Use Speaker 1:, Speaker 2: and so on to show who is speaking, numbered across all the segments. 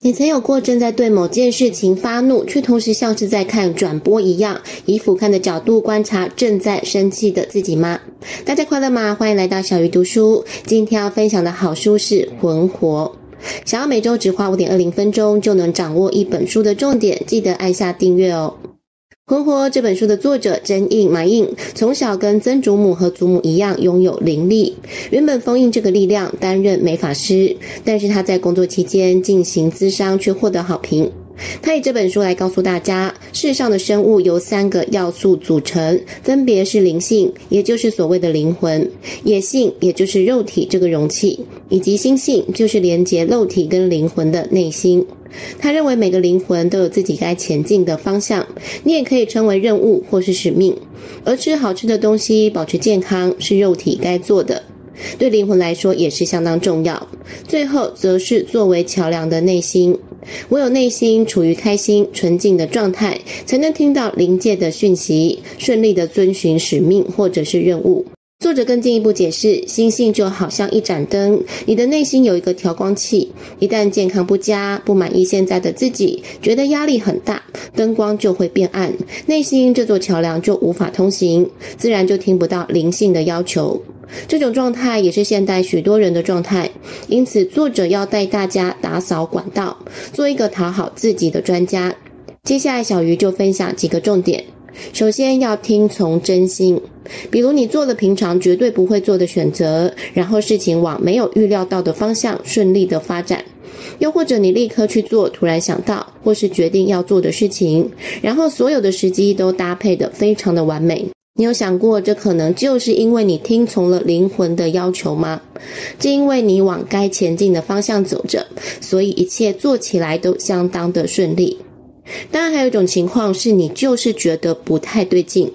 Speaker 1: 你曾有過正在對某件事情發怒，卻同時像是在看轉播一樣，以俯瞰的角度觀察正在生氣的自己嗎？大家快樂嗎？歡迎來到小魚讀書。今天要分享的好書是《魂活》，想要每周只花五點二零分鐘就能掌握一本書的重點，記得按下訂閱哦。《魂活》這本書的作者真印馬印，從小跟曾祖母和祖母一樣擁有靈力。原本封印這個力量，擔任美法師，但是他在工作期間進行諮商卻獲得好評。他以這本書來告訴大家，世上的生物由三個要素組成，分別是靈性，也就是所謂的靈魂；野性，也就是肉體這個容器；以及心性，就是連接肉體跟靈魂的內心。他認為每個靈魂都有自己該前進的方向，你也可以稱為任務或是使命。而吃好吃的東西、保持健康是肉體該做的，對靈魂來說也是相當重要。最後，則是作為橋樑的內心。唯有內心處於開心、純淨的狀態，才能聽到靈界的訊息，順利地遵循使命或者是任務。作者更進一步解釋，心性就好像一盞燈，你的內心有一個調光器。一旦健康不佳，不滿意現在的自己，覺得壓力很大，燈光就會變暗，內心這座橋樑就無法通行，自然就聽不到靈性的要求。這種狀態也是現代許多人的狀態，因此作者要帶大家打掃管道，做一個討好自己的專家。接下來小魚就分享幾個重點：首先，要聽從真心，比如你做了平常絕對不會做的選擇，然後事情往沒有預料到的方向順利的發展；又或者你立刻去做突然想到或是決定要做的事情，然後所有的時機都搭配得非常的完美。你有想過，這可能就是因為你聽從了靈魂的要求嗎？就因為你往該前進的方向走着，所以一切做起來都相當的順利。當然，還有一種情況是你就是覺得不太對勁。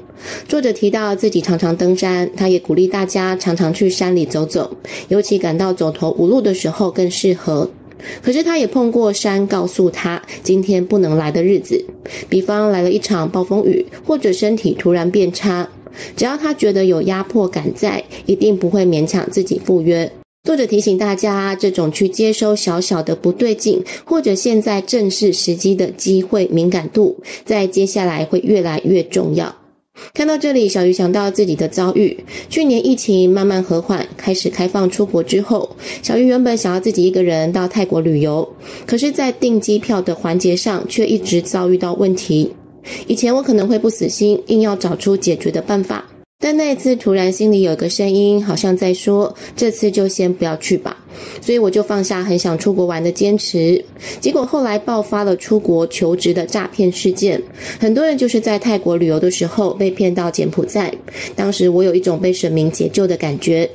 Speaker 1: 作者提到自己常常登山，他也鼓勵大家常常去山裡走走，尤其感到走投無路的時候更適合。可是他也碰過山告訴他今天不能來的日子，比方來了一場暴風雨，或者身體突然變差，只要他覺得有壓迫感在，一定不會勉強自己赴約。作者提醒大家，這種去接收小小的不對勁，或者現在正是時機的機會敏感度，在接下來會越來越重要。看到這裡，小魚想到自己的遭遇。去年疫情慢慢和緩，開始開放出國之後，小魚原本想要自己一個人到泰國旅遊，可是，在訂機票的環節上，卻一直遭遇到問題。以前我可能會不死心，硬要找出解決的辦法。但那一次，突然心裡有一個聲音，好像在說：“這次就先不要去吧。”所以我就放下很想出國玩的堅持。結果後來爆發了出國求職的詐騙事件，很多人就是在泰國旅遊的時候被騙到柬埔寨。當時我有一種被神明解救的感覺。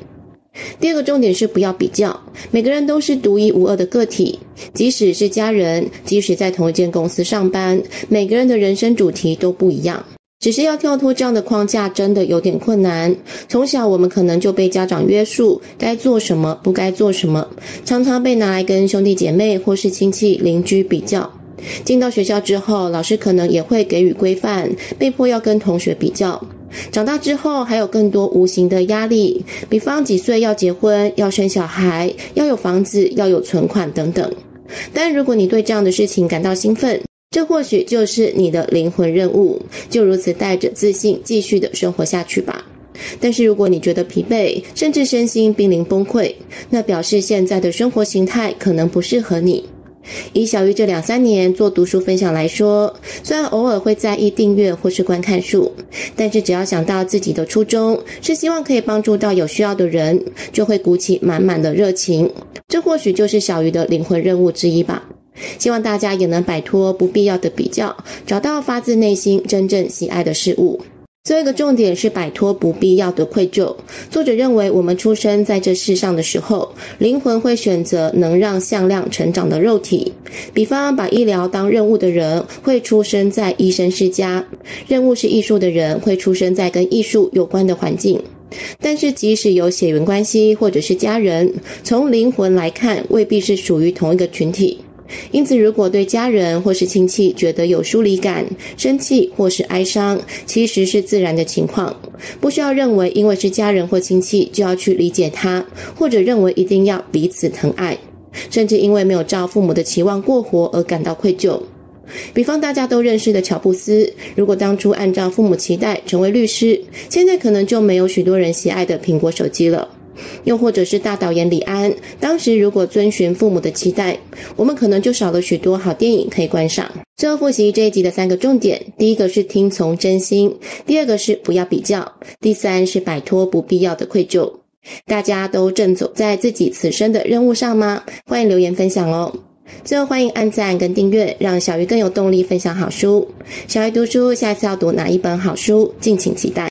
Speaker 1: 第二個重點是不要比較，每個人都是獨一無二的個體，即使是家人，即使在同一間公司上班，每個人的人生主題都不一樣。只是要跳脫這樣的框架，真的有點困難。從小我們可能就被家長約束，該做什麼，不該做什麼，常常被拿來跟兄弟姐妹或是親戚、鄰居比較。進到學校之後，老師可能也會給予規範，被迫要跟同學比較。長大之後，還有更多無形的壓力，比方幾歲要結婚、要生小孩、要有房子、要有存款等等。但如果你對這樣的事情感到興奮，這或許就是你的靈魂任務，就如此帶着自信繼續的生活下去吧。但是如果你覺得疲憊，甚至身心瀕臨崩潰，那表示現在的生活形態可能不適合你。以小魚這兩三年做讀書分享來說，雖然偶爾會在意訂閱或是觀看數，但是只要想到自己的初衷，是希望可以幫助到有需要的人，就會鼓起滿滿的熱情。這或許就是小魚的靈魂任務之一吧。希望大家也能擺脫不必要的比較，找到發自內心真正喜愛的事物。最後一個重點是擺脫不必要的愧疚。作者認為，我們出生在這世上的時候，靈魂會選擇能讓向量成長的肉體。比方，把醫療當任務的人會出生在醫生世家；任務是藝術的人會出生在跟藝術有關的環境。但是，即使有血緣關係或者是家人，從靈魂來看，未必是屬於同一個群體。因此，如果對家人或是親戚覺得有疏離感、生氣或是哀傷，其實是自然的情況，不需要認為因為是家人或親戚就要去理解他，或者認為一定要彼此疼愛，甚至因為沒有照父母的期望過活而感到愧疚。比方，大家都認識的喬布斯，如果當初按照父母期待成為律師，現在可能就沒有許多人喜愛的蘋果手機了。又或者是大導演李安，當時如果遵循父母的期待，我們可能就少了許多好電影可以觀賞。最後複習這一集的三個重點：第一個是聽從真心，第二個是不要比較，第三是擺脫不必要的愧疚。大家都正走在自己此生的任務上嗎？歡迎留言分享哦。最後歡迎按讚跟訂閱，讓小魚更有動力分享好書。小魚讀書，下次要讀哪一本好書？敬請期待。